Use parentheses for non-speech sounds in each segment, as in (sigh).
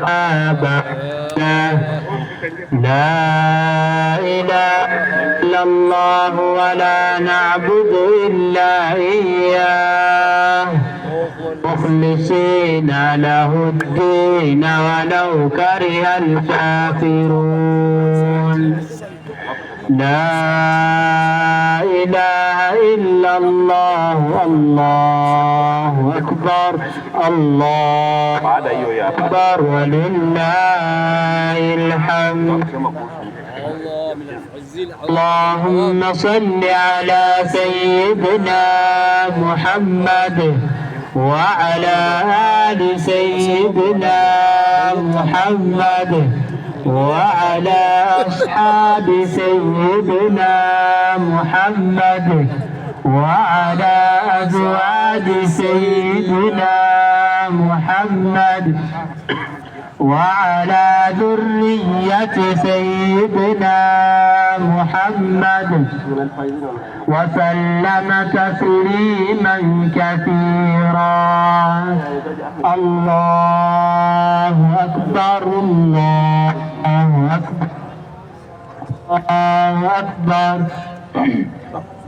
الصحابة لا إله إلا الله ولا نعبد إلا إياه مخلصين له الدين ولو كره الكافرون لا إله إلا الله الله أكبر الله أكبر ولله الحمد اللهم صل على سيدنا محمد وعلى آل سيدنا محمد وعلى أصحاب سيدنا محمد وعلى أزواج سيدنا محمد وعلى ذرية سيدنا محمد وسلم تسليما كثيرا الله أكبر الله أكبر الله أكبر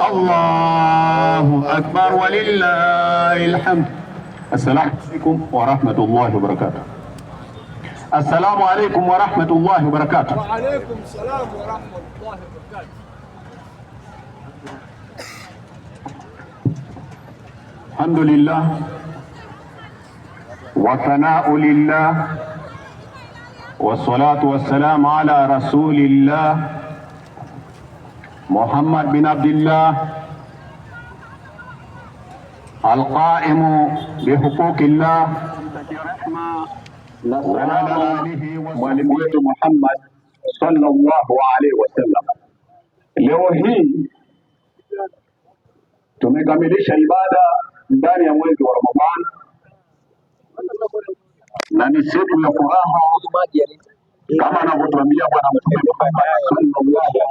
الله أكبر ولله الحمد السلام عليكم ورحمة الله وبركاته السلام عليكم ورحمة الله وبركاته وعليكم السلام ورحمة الله وبركاته الحمد لله وثناء لله والصلاة والسلام على رسول الله মোহাম্মদ bin আবদুল্লাহ القائم بحقوق الله وعلى آله وصحبه محمد صلى الله عليه وسلم leo hii tumekamilisha ibada ndani ya mwezi wa Ramadhani na ni siku ya furaha kama anavyotuambia Bwana Mtume Muhammad sallallahu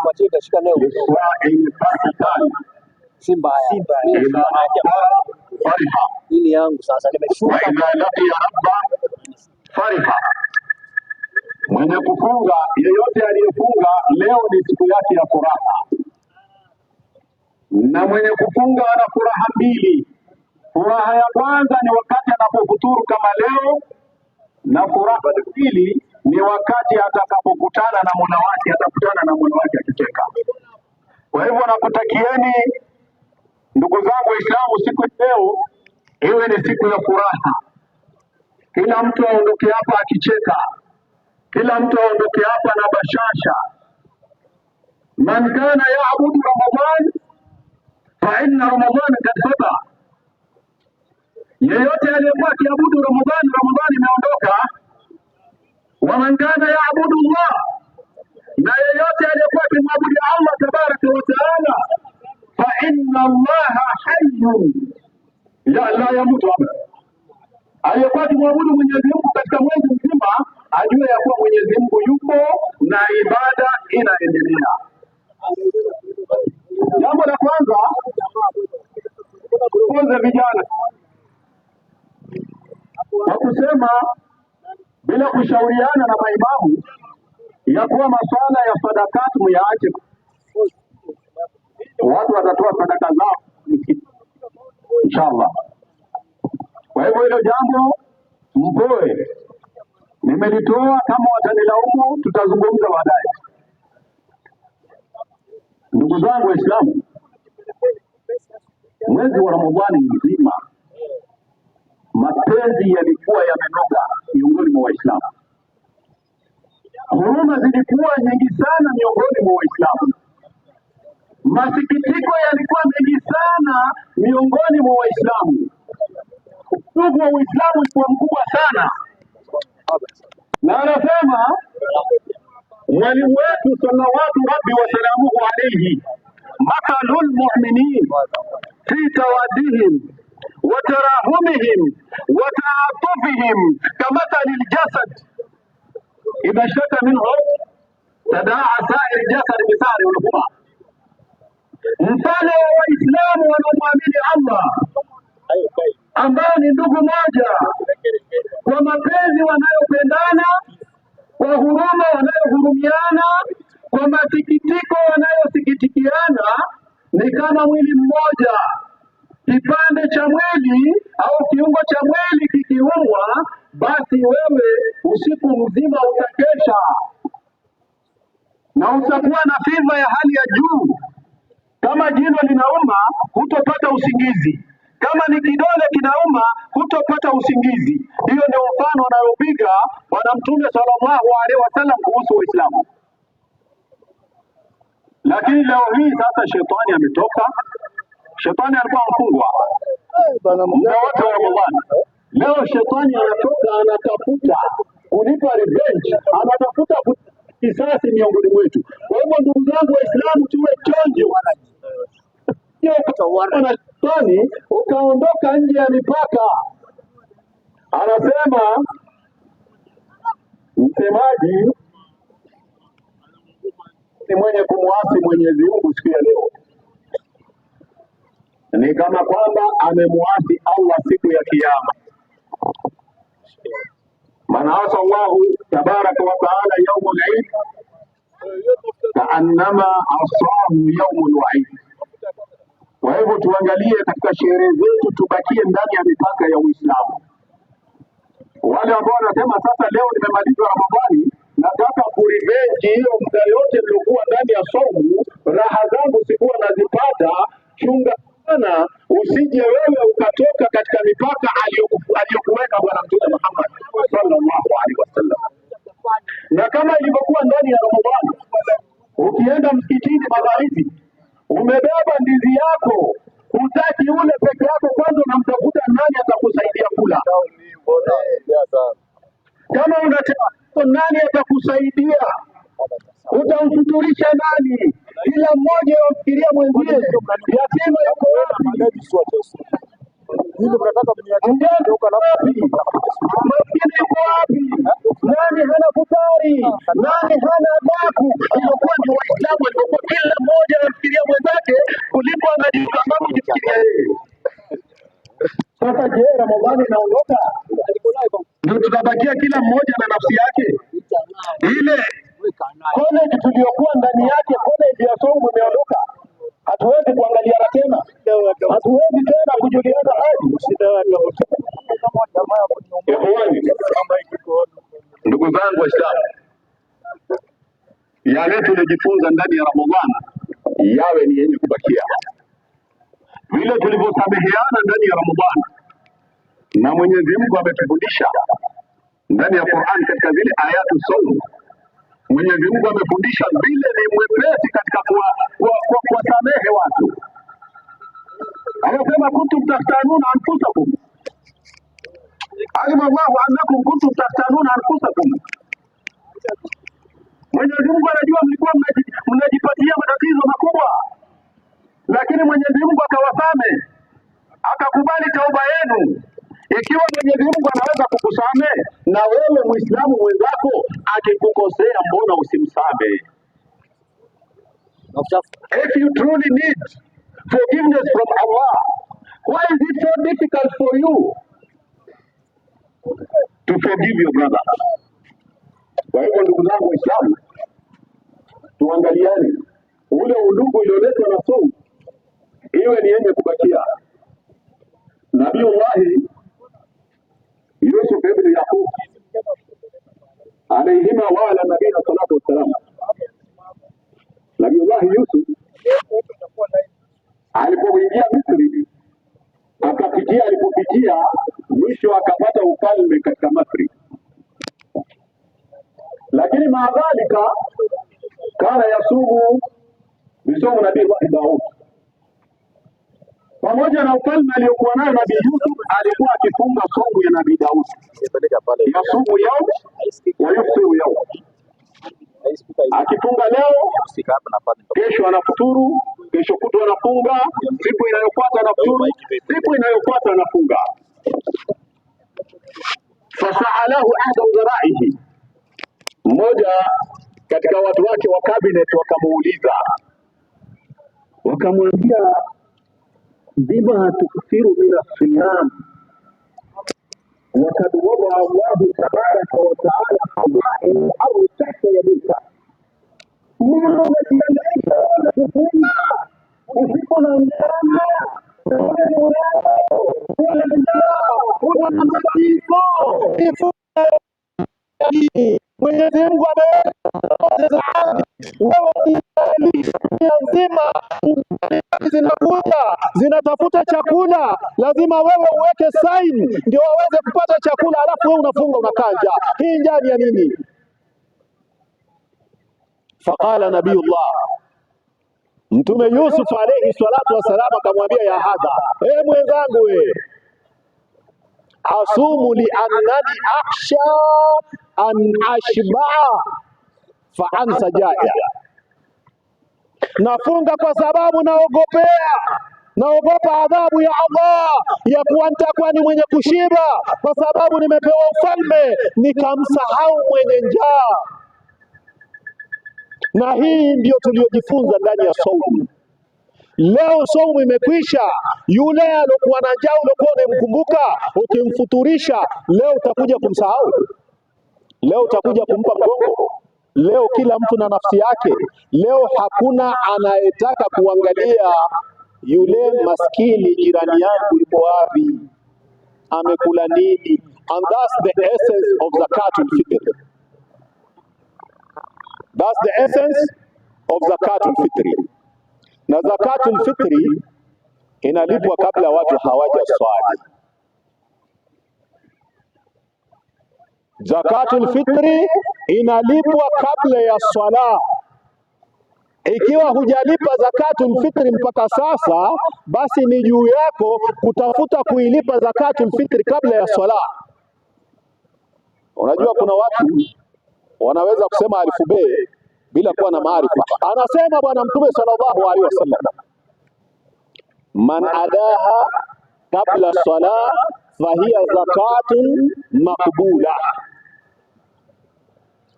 chama si mbaya, yangu sasa nimeshuka mwenye kufunga yeyote aliyefunga leo ni siku yake ya furaha, na mwenye kufunga ana furaha mbili. Furaha ya kwanza ni wakati anapofuturu kama leo, na furaha ya pili ni wakati atakapokutana na Mola wake, atakutana na Mola wake akicheka. Kwa hivyo nakutakieni ndugu zangu Waislamu, siku leo iwe ni siku ya furaha. Kila mtu aondoke hapa akicheka, kila mtu aondoke hapa na bashasha. man kana yaabudu ramadan fa inna ramadan kad yeyote aliyekuwa akiabudu ramadan, ramadan imeondoka kutangaza ya Allah, na yeyote aliyekuwa akimwabudu Allah tabaraka wa taala, fa inna allaha hayyun la yamutu abada. Aliyekuwa akimwabudu Mwenyezi Mungu katika mwezi mzima ajue ya kuwa Mwenyezi Mungu yupo na ibada inaendelea. Jambo la kwanza tufunze vijana kwa kusema bila kushauriana na maimamu ya kuwa masuala ya sadaka muyaache watu watatoa sadaka zao inshallah. Kwa hivyo hilo jambo mpoe, nimelitoa kama watanilaumu, tutazungumza baadaye. Ndugu zangu Waislamu, mwezi wa Ramadhani mzima mapenzi yalikuwa yamenoga miongoni mwa Waislamu, huruma zilikuwa nyingi sana miongoni mwa Waislamu, masikitiko yalikuwa mengi sana miongoni mwa Waislamu. Udugu wa Uislamu ulikuwa mkubwa sana, na anasema mwalimu wetu salawatu rabbi wasalamuhu alaihi mathalul muminin fi tawadihim watarahumihim wataatufihim kamathali ljasad idha shtaka minhu tadaa sairi ljasadi bisari ulhuma, mfano wa Waislamu wanaomwamini Allah ambao ni ndugu moja, kwa mapenzi wanayopendana, kwa huruma wanayohurumiana, kwa masikitiko wanayosikitikiana, ni kama mwili mmoja kipande cha mwili au kiungo cha mwili kikiumwa, basi wewe usiku mzima utakesha na utakuwa na fiva ya hali ya juu. Kama jino linauma, hutopata usingizi. Kama ni kidole kinauma, hutopata usingizi. Hiyo ndio mfano anayopiga Bwana Mtume sallallahu alaihi wasallam kuhusu waislamu Lakini leo hii sasa shetani ametoka Shetani alikuwa mfungwa muda wote wa Bwana. Leo shetani anatoka anatafuta kulipa revenge, anatafuta kisasi miongoni mwetu. Kwa hivyo, ndugu zangu Waislamu, tuwe chonje na shetani ukaondoka nje ya mipaka. Anasema msemaji ni mwenye kumwasi Mwenyezi Mungu siku ya leo ni kama kwamba amemwasi Allah siku ya Kiyama. Manasa Allahu tabaraka wa taala yaumul Eid kaannama asahu yaumul waid. Kwa hivyo tuangalie katika sherehe zetu, tubakie ndani ya mipaka ya Uislamu. Wale ambao wanasema sasa, leo nimemaliza Ramadhani, nataka kurivenji hiyo muda yote niliokuwa ndani ya somu, raha zangu sikuwa nazipata, chunga sana usije wewe ukatoka katika mipaka aliyokuweka Bwana Mtume Muhammad sallallahu alaihi wasallam. Na kama ilivyokuwa ndani ya Ramadhani, ukienda msikitini magharibi, umebeba ndizi yako, hutaki ule peke yako, kwanza yawe ni yenye kubakia. Vile tulivyosameheana ndani ya Ramadhani, na Mwenyezi Mungu ametufundisha ndani ya Qur'an katika zile ayatu saum. Mwenyezi Mungu amefundisha vile ni mwepesi katika kuwasamehe watu, anasema kuntum taftanuna anfusakum alima Allahu annakum kuntum taftanuna anfusakum Mwenyezi Mungu anajua mlikuwa mnajipatia matatizo makubwa, lakini Mwenyezi Mungu akawasame akakubali tauba yenu. Ikiwa Mwenyezi Mungu anaweza kukusame, na wewe Muislamu mwenzako akikukosea, mbona usimsame? If you truly need forgiveness from Allah, why is it so difficult for you to forgive your brother? Kwa hivyo ndugu zangu muangaliane ule udugu ulioletwa na sumu iwe ni yenye kubakia. Nabiullahi Yusuf ibn Yaqub alayhima wa ala nabiyina salatu wassalam, Nabiullahi Yusuf alipoingia Misri akapitia alipopitia, mwisho akapata ufalme katika Misri, lakini maadhalika kana yasubu bisomu nabii Allahi Daud. Pamoja na ufalme aliyokuwa nayo nabii Yusuf, alikuwa akifunga somu ya nabii Daud, yasubu yao wayuftiru yao, akifunga leo, kesho anafuturu, kesho kutwa anafunga, siku inayofuata anafuturu, siku inayofuata anafunga. fasaalahu ahda udharaihi, mmoja katika watu wake wa cabinet wakamuuliza, wakamwambia bima tukfiru min siyam wakad wadaa Allahu tabaraka wa taala qadaahu au tahta ya mbona unajiangalia na kufunga usiku na mchana Mwenyezi Mungu ameweka zote za ardhi, wewe nzima zinakuja zinatafuta chakula, lazima wewe uweke saini ndio waweze kupata chakula, alafu wewe unafunga unakanja. Hii njani ya nini? Faqala nabiyullah Mtume Yusuf alayhi salatu wassalam akamwambia, ya hadha, e mwenzangu we asumu liannani akhsha an ashbaa fa ansa jaya, nafunga kwa sababu naogopea naogopa adhabu ya Allah ya kuwa nitakuwa ni mwenye kushiba, kwa sababu nimepewa ufalme nikamsahau mwenye njaa. Na hii ndiyo tuliyojifunza ndani ya saumu. Leo somo imekwisha. Yule aliokuwa na njaa uliokuwa unamkumbuka ukimfuturisha, leo utakuja kumsahau, leo utakuja kumpa mgongo. Leo kila mtu na nafsi yake. Leo hakuna anayetaka kuangalia yule maskini jirani yangu yuko wapi, amekula nini? And that's the essence of al-fitr. That's the essence of al-fitr. Na zakatul fitri inalipwa kabla watu hawajaswali. Zakatul fitri inalipwa kabla ya swala. Ikiwa hujalipa zakatul fitri mpaka sasa, basi ni juu yako kutafuta kuilipa zakatul fitri kabla ya swala. Unajua kuna watu wanaweza kusema alifu be bila kuwa na maarifa. Anasema Bwana Mtume sallallahu alaihi wasallam, man adaha kabla salah fahiya zakatun maqbula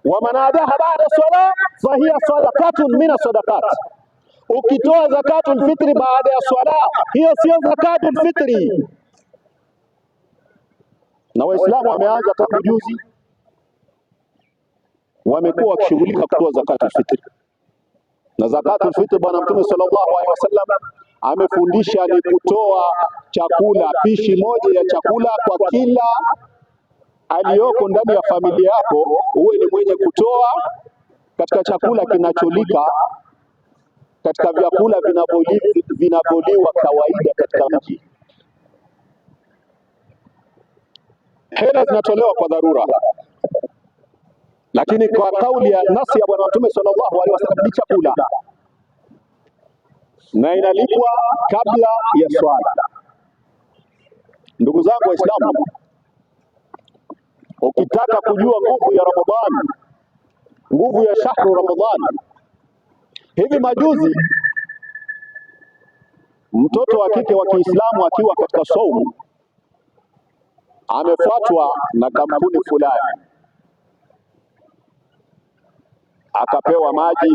wa man adaha baada salah fahiya sadaqatun min sadaqat Ukitoa zakatul fitri baada ya swala, hiyo sio zakatul fitri. Na Waislamu wameanza tangu juzi wamekuwa wakishughulika kutoa zakatu fitri, na zakatu fitri Bwana Mtume sallallahu alaihi wasallam amefundisha ni kutoa chakula, pishi moja ya chakula kwa kila aliyoko ndani ya familia yako, uwe ni mwenye kutoa katika chakula kinacholika katika vyakula vinavyoliwa kawaida katika mji. Hela zinatolewa kwa dharura. Lakini kwa kauli ya nasi ya Bwana Mtume sallallahu alaihi wasallam ni chakula na inalipwa kabla ya swala. Ndugu zangu Waislamu, ukitaka kujua nguvu ya Ramadhani, nguvu ya shahru Ramadhani, hivi majuzi mtoto wa kike wa Kiislamu akiwa katika saumu amefuatwa na kampuni fulani akapewa maji.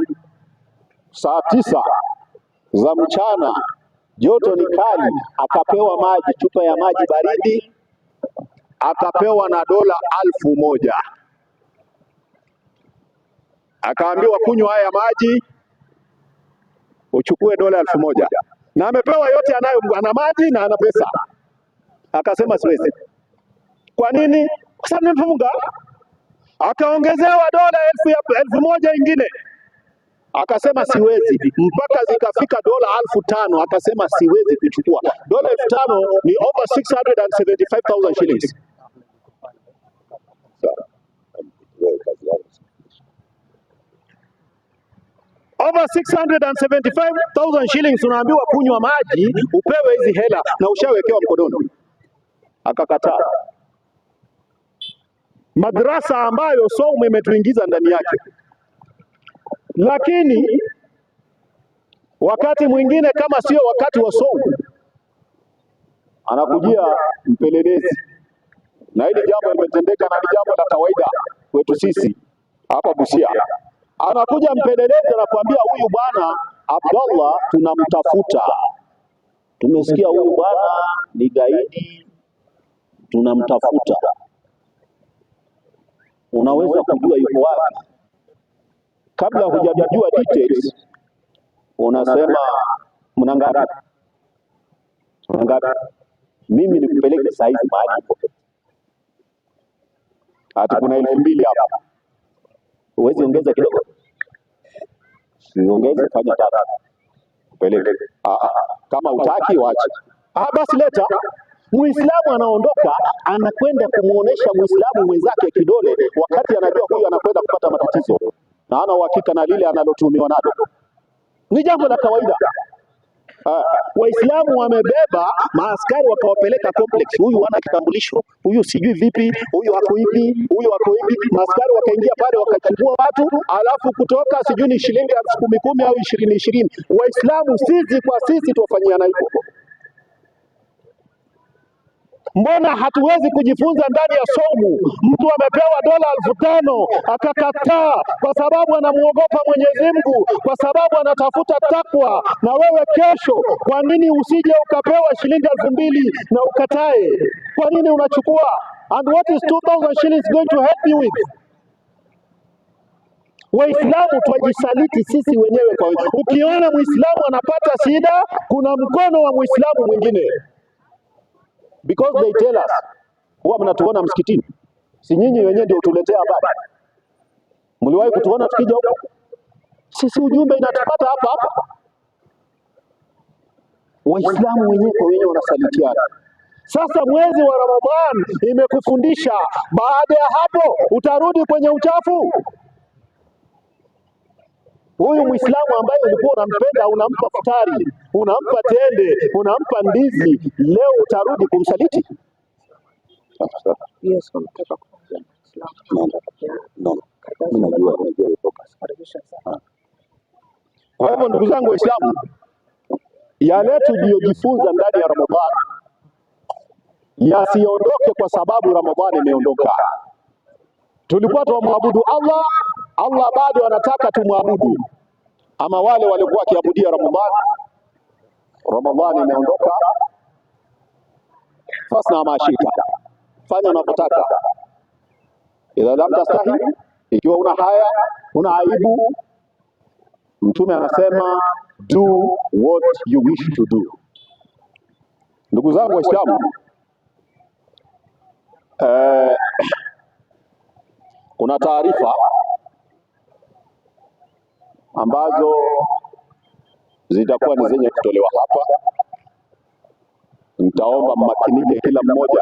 Saa tisa za mchana joto ni kali, akapewa maji, chupa ya maji baridi, akapewa na dola alfu moja akaambiwa kunywa haya maji uchukue dola elfu moja na amepewa yote anayo, ana maji na ana pesa. Akasema siwezi. Kwa nini? Kwa sababu nimefunga akaongezewa dola elfu, elfu moja ingine akasema siwezi, mpaka zikafika dola alfu tano akasema siwezi kuchukua. Dola elfu tano ni over 675,000 shillings. Over 675,000 shillings, unaambiwa kunywa maji upewe hizi hela na ushawekewa mkononi, akakataa madrasa ambayo somo imetuingiza ndani yake, lakini wakati mwingine kama sio wakati wa somo anakujia mpelelezi, na hili jambo limetendeka na ni jambo la kawaida kwetu sisi hapa Busia. Anakuja mpelelezi anakuambia, huyu bwana Abdallah tunamtafuta, tumesikia huyu bwana ni gaidi, tunamtafuta unaweza kujua yuko wapi kabla hujajua details. Unasema mnangapi ngapi, mimi nikupeleke saa hizi mahali ipo hati, kuna elfu mbili hapa, huwezi ongeza kidogo? Siongeze, fanya tatu, kupeleke. Ah, ah, ah. Kama utaki wacha, ah, basi leta Muislamu anaondoka anakwenda kumwonyesha Muislamu mwenzake kidole, wakati anajua huyu anakwenda kupata matatizo na ana uhakika na lile analotumiwa nalo. Ni jambo la kawaida. Uh, Waislamu wamebeba maaskari wakawapeleka complex, huyu hana kitambulisho, huyu sijui vipi, huyu hako hivi, huyu hako hivi. Maaskari wakaingia pale wakachukua watu, alafu kutoka sijui ni shilingi elfu kumi kumi au ishirini ishirini. Waislamu sisi kwa sisi tuwafanyiana hivyo. Mbona hatuwezi kujifunza ndani ya somo? Mtu amepewa dola elfu tano akakataa kwa sababu anamwogopa Mwenyezi Mungu, kwa sababu anatafuta takwa. Na wewe kesho, kwa nini usije ukapewa shilingi elfu mbili na ukatae? Kwa nini unachukua? And what is 2000 shillings going to help you with? Waislamu twajisaliti sisi wenyewe kwa wenyewe. Ukiona Mwislamu anapata shida, kuna mkono wa Mwislamu mwingine because they tell us, huwa mnatuona msikitini, si nyinyi wenyewe ndio tuletea habari? Mliwahi kutuona tukija huko? Sisi ujumbe inatupata hapa hapa. Waislamu wenyewe kwa wenyewe wanasalitiana. Sasa mwezi wa Ramadhan imekufundisha, baada ya hapo utarudi kwenye uchafu. Huyu Muislamu ambaye ulikuwa unampenda, unampa futari, unampa tende, unampa ndizi, leo utarudi kumsaliti? Ah. Kwa hivyo ndugu zangu Waislamu, yale tuliyojifunza ndani ya Ramadhani yasiondoke kwa sababu Ramadhani imeondoka. Tulikuwa tuwamwabudu Allah Allah bado anataka tumwabudu. Ama wale waliokuwa wakiabudia Ramadhani, Ramadhani imeondoka, fasna mashita, fanya unapotaka. Idha lam tastahi, ikiwa una haya una aibu, Mtume anasema do what you wish to do. Ndugu zangu Waislamu, eh, kuna taarifa ambazo zitakuwa ni zenye kutolewa hapa. Nitaomba mmakinike kila mmoja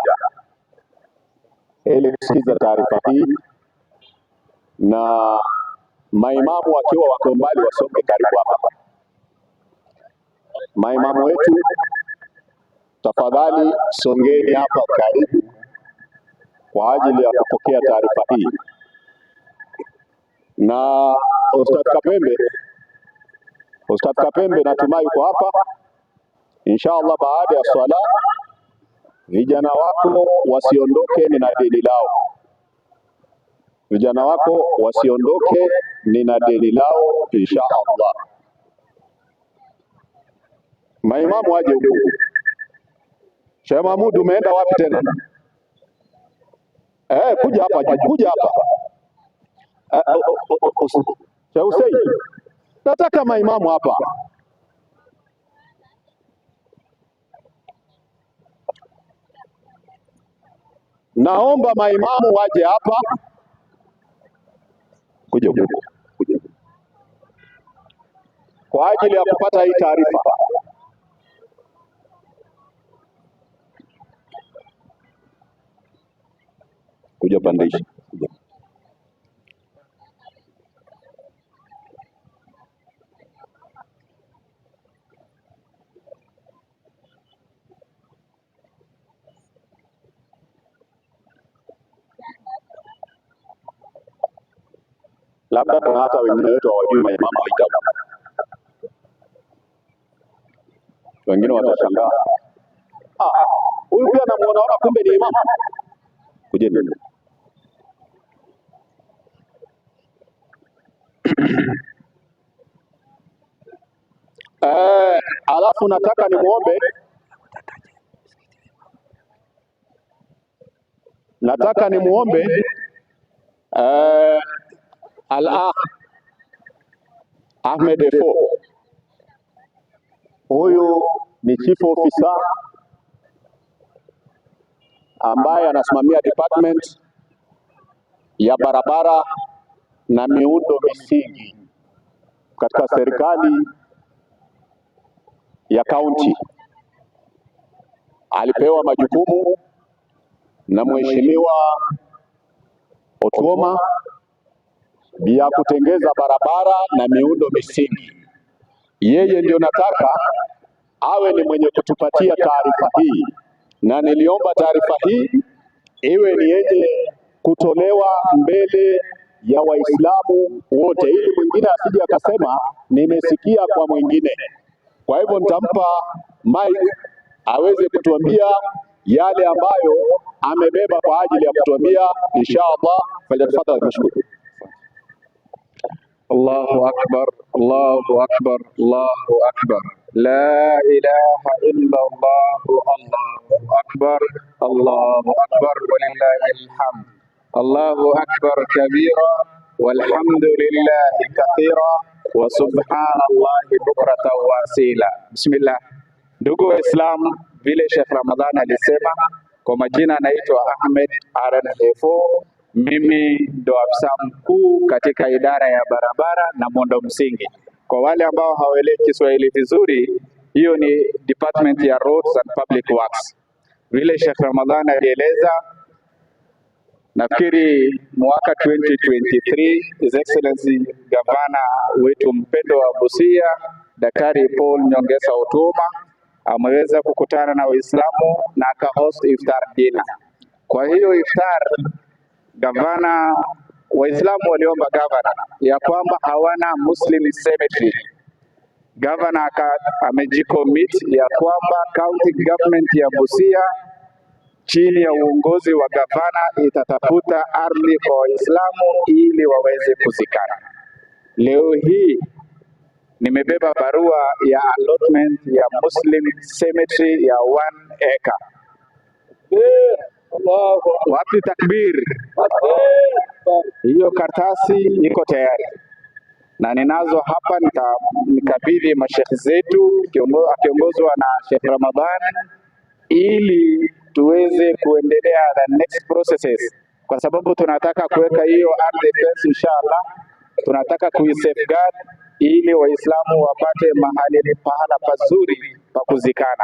ili kusikiza taarifa hii, na maimamu wakiwa wako mbali wasonge karibu hapa. Maimamu wetu, tafadhali songeni hapa karibu kwa ajili ya kupokea taarifa hii na Ostad Kapembe. Ostad Kapembe, natumai yuko hapa inshallah. Baada ya swala, vijana wako wasiondoke, nina deni lao. Vijana wako wasiondoke, nina deni lao inshallah. Maimamu waje huku. Sheikh Mahmud, umeenda wapi tena? Eh, kuja hapa, kuja hapa cha Hussein. Nataka maimamu hapa Naomba maimamu waje hapa kuja huku kwa ajili ya kupata hii taarifa. Kuja pandisha labda kuna hata wengine wetu hawajui mambo ya hitabu. Wengine watashangaa, ah, huyu pia namuona ona, kumbe ni imamu. Kujeni (clears throat) eh, alafu nataka nimuombe nataka ni eh, Al Ahmed Defo, huyu ni chief officer ambaye anasimamia department ya barabara na miundo misingi katika serikali ya kaunti. Alipewa majukumu na mheshimiwa Otuoma ya kutengeza barabara na miundo misingi. Yeye ndio nataka awe ni mwenye kutupatia taarifa hii, na niliomba taarifa hii iwe ni yenye kutolewa mbele ya Waislamu wote, ili mwingine asije akasema nimesikia kwa mwingine. Kwa hivyo nitampa Mike aweze kutuambia yale ambayo amebeba kwa ajili ya kutuambia, insha Allah. Falyatafadhal mshukuru. الله أكبر الله أكبر الله أكبر لا إله إلا الله الله أكبر الله أكبر ولله الحمد الله أكبر كبيرا والحمد لله كثيرا وسبحان الله بكرة وأصيلا بسم الله Ndugu إسلام vile شيخ رمضان alisema, كما جينا نيتو أحمد rna Mimi ndo afisa mkuu katika idara ya barabara na muundo msingi. Kwa wale ambao hawaelewi Kiswahili vizuri, hiyo ni department ya roads and public works. Vile Sheikh Ramadhan alieleza, nafikiri mwaka 2023 His Excellency gavana wetu mpendo wa Busia Daktari Paul Nyongesa Otuoma ameweza kukutana na Waislamu na akahost iftar dina. Kwa hiyo iftar gavana Waislamu waliomba gavana ya kwamba hawana Muslim cemetery. Gavana amejikomit ya kwamba county government ya Busia chini ya uongozi wa gavana itatafuta ardhi kwa Waislamu ili waweze kuzikana. Leo hii nimebeba barua ya allotment ya Muslim cemetery ya one acre. Wapi takbir Hiyo kartasi iko tayari na ninazo hapa, nikabidhi mashekhe zetu akiongozwa na Sheikh Ramadhan ili tuweze kuendelea the next processes, kwa sababu tunataka kuweka hiyo ardhi fence, inshallah tunataka kuisafeguard ili Waislamu wapate mahali pahala pazuri pa kuzikana.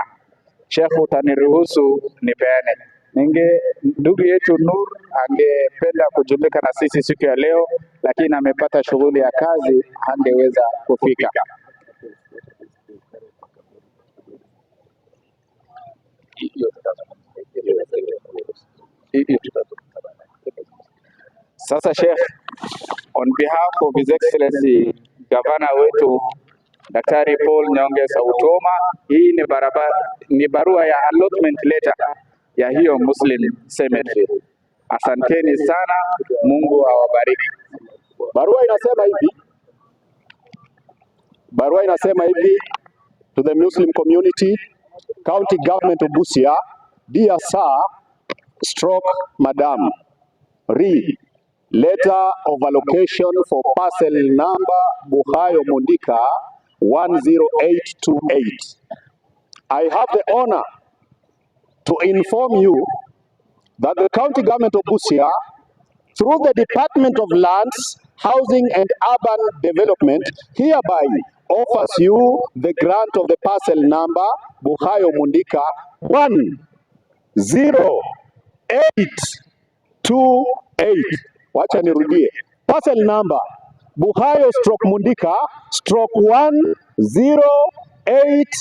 Sheikh, utaniruhusu nipeane ninge ndugu yetu Nur angependa kujumika na sisi siku ya leo, lakini amepata shughuli ya kazi, angeweza kufika. Sasa Sheikh, on behalf of His Excellency gavana wetu Daktari Paul Nyongesa Utoma, hii ni barabara, ni barua ya allotment letter ya hiyo Muslim Cemetery. Asanteni sana, Mungu awabariki. Barua inasema hivi, barua inasema hivi to the Muslim community, county government of Busia, dear sir stroke madam re letter of allocation for parcel number Buhayo Mondika 10828 I have the honor to inform you that the county government of Busia, through the Department of Lands, Housing and Urban Development, hereby offers you the grant of the parcel number Buhayo Mundika 10828. Wacha nirudie. Parcel number Buhayo stroke Mundika stroke 10828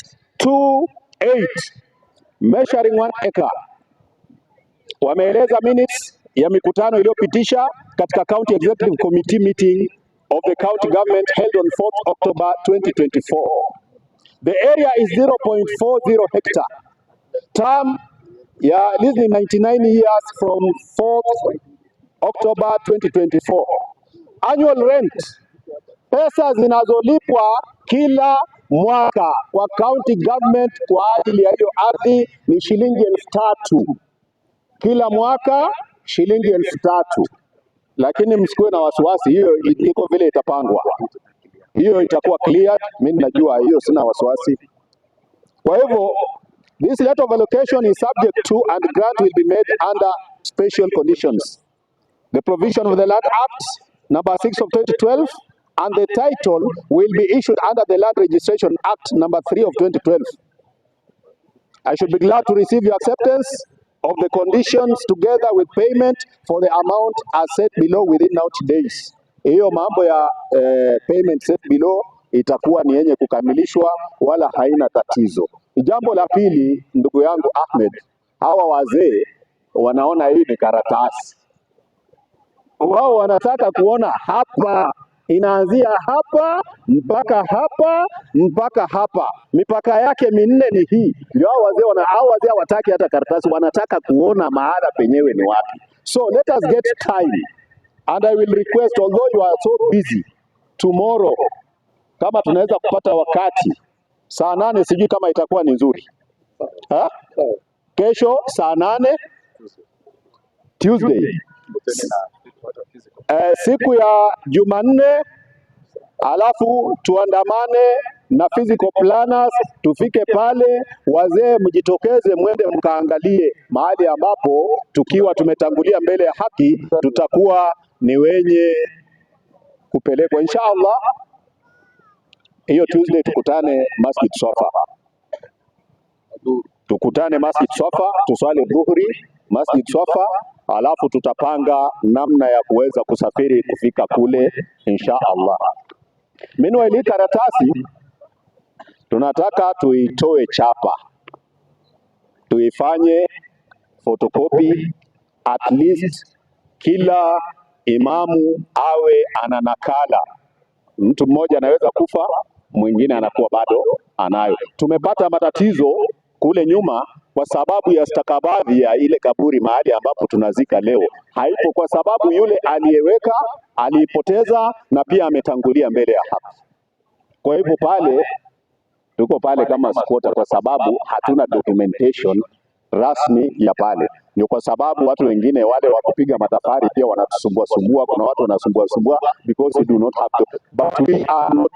measuring one acre. Wameeleza minutes ya mikutano iliyopitisha katika county executive committee meeting of the county government held on 4th October 2024. The area is 0.40 hectare. Term ya lease 99 years from 4th October 2024. Annual rent, pesa zinazolipwa kila mwaka kwa county government kwa ajili ya hiyo ardhi ni shilingi elfu tatu kila mwaka, shilingi elfu tatu. Lakini msikuwe na wasiwasi, hiyo iko vile itapangwa, hiyo itakuwa clear. Mimi najua hiyo, sina wasiwasi. Kwa hivyo this letter of allocation is subject to and grant will be made under special conditions the provision of the Land Act number 6 of 2012 and the title will be issued under the Land Registration Act number 3 of 2012. I should be glad to receive your acceptance of the conditions together with payment for the amount as set below within 90 days. Hiyo mambo ya eh, payment set below itakuwa ni yenye kukamilishwa wala haina tatizo. Jambo la pili, ndugu yangu Ahmed, hawa wazee wanaona hii ni karatasi, wao wanataka kuona hapa inaanzia hapa mpaka hapa mpaka hapa, mipaka yake minne ni hii. Ndio hao wazee wana hao wazee hawataki hata karatasi, wanataka kuona mahala penyewe ni wapi. So let us get time and I will request although you are so busy tomorrow, kama tunaweza kupata wakati saa nane, sijui kama itakuwa ni nzuri ha? Kesho saa nane Tuesday eh, siku ya Jumanne, alafu tuandamane na physical planners tufike pale. Wazee mjitokeze, mwende mkaangalie mahali ambapo tukiwa tumetangulia mbele ya haki tutakuwa ni wenye kupelekwa inshallah. Hiyo Tuesday tukutane Masjid Safa, tukutane Masjid Safa tuswali dhuhuri Masjid Safa alafu tutapanga namna ya kuweza kusafiri kufika kule insha Allah. Minwa ile karatasi tunataka tuitoe chapa, tuifanye photocopy at least kila imamu awe ana nakala. Mtu mmoja anaweza kufa, mwingine anakuwa bado anayo. Tumepata matatizo kule nyuma kwa sababu ya stakabadhi ya ile kaburi mahali ambapo tunazika leo haipo, kwa sababu yule aliyeweka aliipoteza na pia ametangulia mbele ya haki. Kwa hivyo pale tuko pale kama squatter, kwa sababu hatuna documentation rasmi ya pale. ni kwa sababu watu wengine wale wa kupiga matafari pia wanatusumbua sumbua, kuna watu wanasumbua sumbua because we do not have to, but we are not,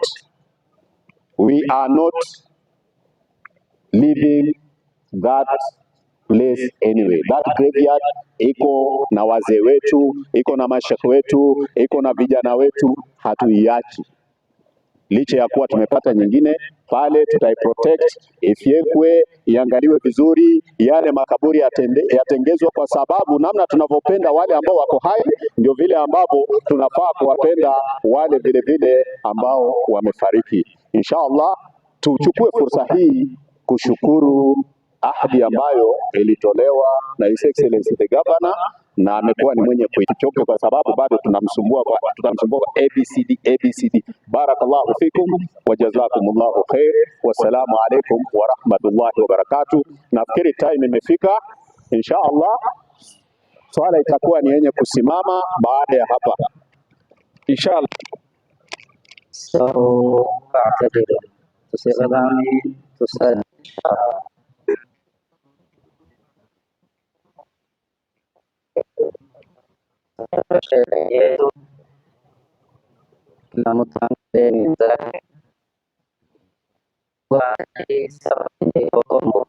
we are not living that place anyway. That graveyard iko na wazee wetu, iko na mashekhe wetu, iko na vijana wetu, hatuiachi licha ya kuwa tumepata nyingine pale, tutaiprotect, ifyekwe, iangaliwe vizuri, yale makaburi yatengezwe, kwa sababu namna tunavyopenda wale ambao wako hai ndio vile ambavyo tunafaa kuwapenda wale vile vile ambao wamefariki. Insha Allah tuchukue fursa hii kushukuru ahadi ambayo ilitolewa na His Excellency the Governor, na amekuwa ni mwenye kuichoka kwa sababu bado tunamsumbua kwa tunamsumbua kwa ABCD ABCD. Barakallahu fikum wa jazakumullahu khair, wassalamu alaikum wa rahmatullahi wa barakatuh. Nafikiri time imefika, insha Allah swala itakuwa ni yenye kusimama baada ya hapa insha Allah. So, namun sampai minta wah sampai kokomu